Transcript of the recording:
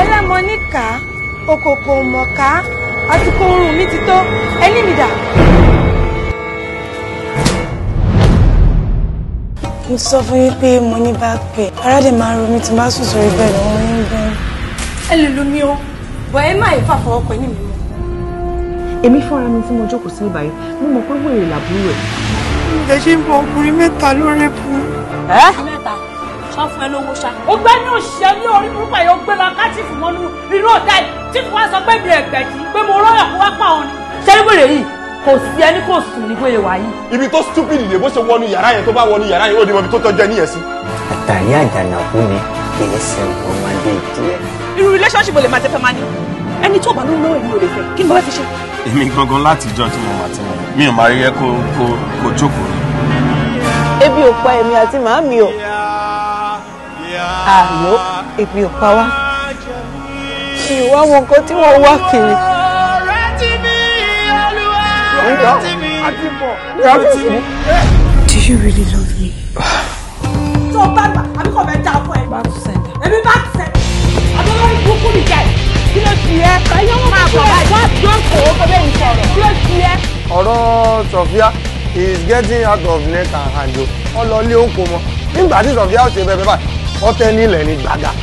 ẹlẹ́mọ níkà òkòkò mọ̀ká àsìkò oorun mi ti tó ẹni mi dà. mo sọ fún yín pé mo ní bá pè ara dẹ̀ máa ń ro mi tí n sùn sórí bẹ́ẹ̀ lọ́wọ́ yín bẹ́ẹ̀. ẹ lè lu mi o bọ̀ ẹ má yìí fàfọwọ́ pẹ̀ ní mi èmi fúnra mi tí mo jókòó sí ìbàyẹn mo mọ̀ pé wèrè làbúrò ẹ̀. ǹjẹ́ ṣe ń bọ ọkùnrin mẹ́ta ló rẹ́pù. mẹ́ta sọ ẹ lówó ṣá. ó gbẹ́ ní òṣìṣẹ́ ní orí púpọ̀ yóò gbé mọ́nú inú ọ̀tá yìí tí kò wá sọ pé mi ẹ̀gbẹ̀ jì pé mo rọ́yọ̀ kó wá pa òun ni. ṣé wèrè yìí kò sí ẹni kò sùn ní gbèrè wá yìí. ibi tó stupid lè bó ṣe wọnú yàrá yẹn tó bá wọnú yàrá yẹn ó ní mọbi tó tọjọ ẹni yẹn sí. àtàrí àjànàkú ni kìí ṣe ọmọdé ìdí ẹ. irú relationship olè máa tẹ fẹ́ máa ní ẹni tó bá ló lọ èmi ò lè fẹ́ kí ni mo fẹ́ fi ṣe. èmi gangan láti ìjọ tí mo máa ti mọ mi ò máa rí ẹ kó kó kó jókòó ni. ebi ò pa èmi àti màámi o àlọ́ ebi ò pa wá ìwà àwọn nǹkan tí wọ́n wá kiri. Do you really love me? Tó o bá gbà, àbí kò fẹ́ já fún ẹ. Back to center. Èmi back to center. Àbúrò ìbùkún mi jẹ́. Kí ló ti yẹ? Ẹyọ́ wọn máa bọ̀ báyìí. Wọ́n ti ń kó owó bẹ́ẹ̀ ń sọ̀rọ̀. Kí ló ti yẹ? Ọ̀rọ̀ Sọ̀fíà is getting out of net and hand o. Wọ́n lọ ilé òkú mọ́. Nígbà tí Sọ̀fíà ó ṣe bẹ́ẹ̀ bẹ́ẹ̀ báyìí, wọ́n tẹ́ nílẹ̀ ní gbàgà.